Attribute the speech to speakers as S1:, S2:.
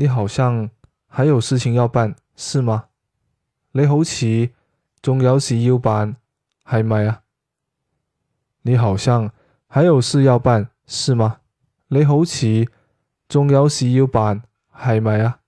S1: 你好像還有事情要辦，是嗎？你好似仲有事要辦，係咪啊？你好像還有事要辦，是嗎？你好似仲有事要辦，係咪啊？